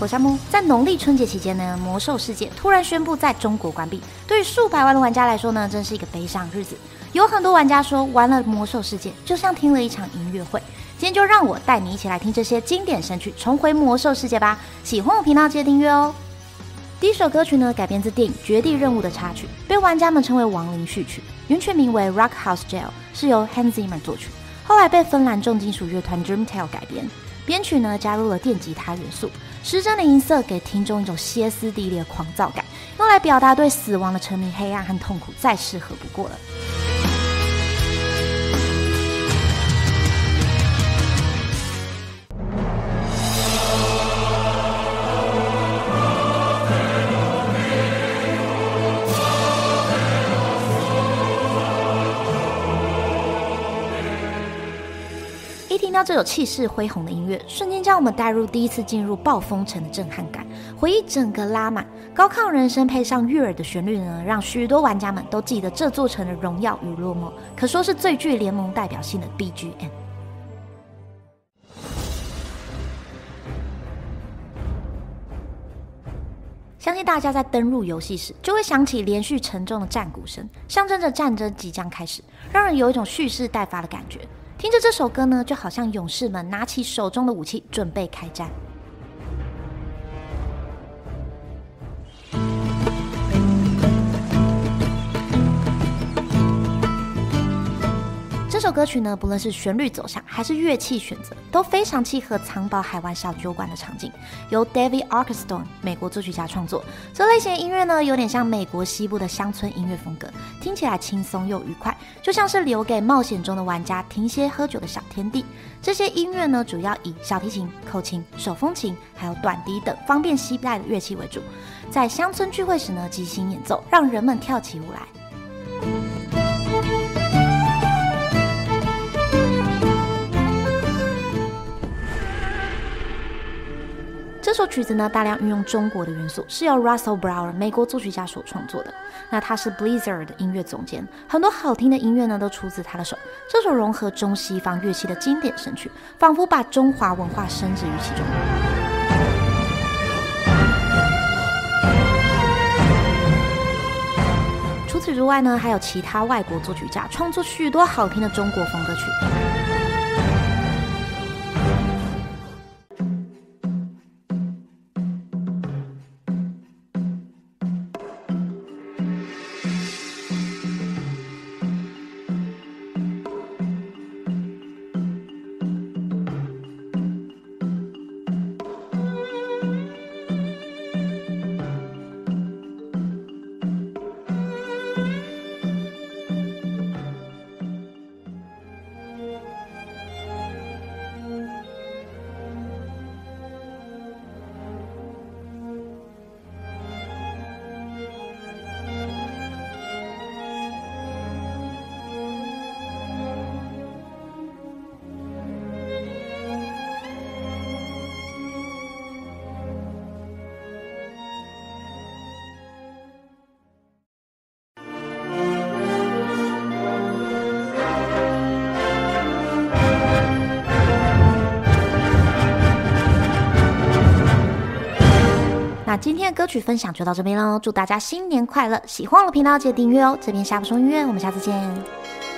火在農曆春節期間呢，《魔獸世界》突然宣布在中國關閉，對於數百萬的玩家來說呢，真是一個悲傷日子。有很多玩家說，玩了《魔獸世界》就像聽了一場音樂會。今天就讓我帶你一起來聽這些經典神曲，重回《魔獸世界》吧！喜歡我頻道，記得訂閱哦。第一首歌曲呢，改編自電影《絕地任務》的插曲，被玩家們稱為《亡靈序曲》，原曲名為《Rock House Jail》，是由 Hans Zimmer 作曲，後來被芬蘭重金屬樂團 Dreamtale 改編，編曲呢加入了電吉他元素。失真的音色給聽眾一種歇斯底里的狂躁感，用來表達對死亡的沉迷、黑暗和痛苦，再適合不過了。聽到這首氣勢恢宏的音樂，瞬間將我們帶入第一次進入暴風城的震撼感，回憶整個拉滿。高亢人聲配上悅耳的旋律呢，讓許多玩家們都記得這座城的榮耀與落寞，可說是最具聯盟代表性的 BGM。相信大家在登入遊戲時，就會想起連續沉重的戰鼓聲，象徵着戰爭即將開始，讓人有一種蓄勢待發的感覺。聽着這首歌呢，就好像勇士們拿起手中的武器，準備開戰。這首歌曲呢，不論是旋律走向還是樂器選擇，都非常契合藏寶海灣小酒館的場景。由 David Arkenstone 美國作曲家創作。這類型的音樂呢，有點像美國西部的鄉村音樂風格，聽起來輕鬆又愉快，就像是留給冒險中的玩家，停歇喝酒的小天地。這些音樂呢，主要以小提琴、口琴、手風琴還有短笛等方便攜帶的樂器為主，在鄉村聚會時呢，即興演奏，讓人們跳起舞來。這首曲子呢，大量運用中國的元素，是由 Russell Brower 美國作曲家所創作的。那他是 Blizzard 的音樂總監，很多好聽的音樂呢都出自他的手。這首融合中西方樂器的經典神曲，仿佛把中華文化深植於其中。除此之外呢，還有其他外國作曲家創作許多好聽的中國風歌曲。那、啊、今天的歌曲分享就到這邊嘍，祝大家新年快樂！喜歡我的頻道記得訂閱哦，這邊下不送音樂，我們下次見。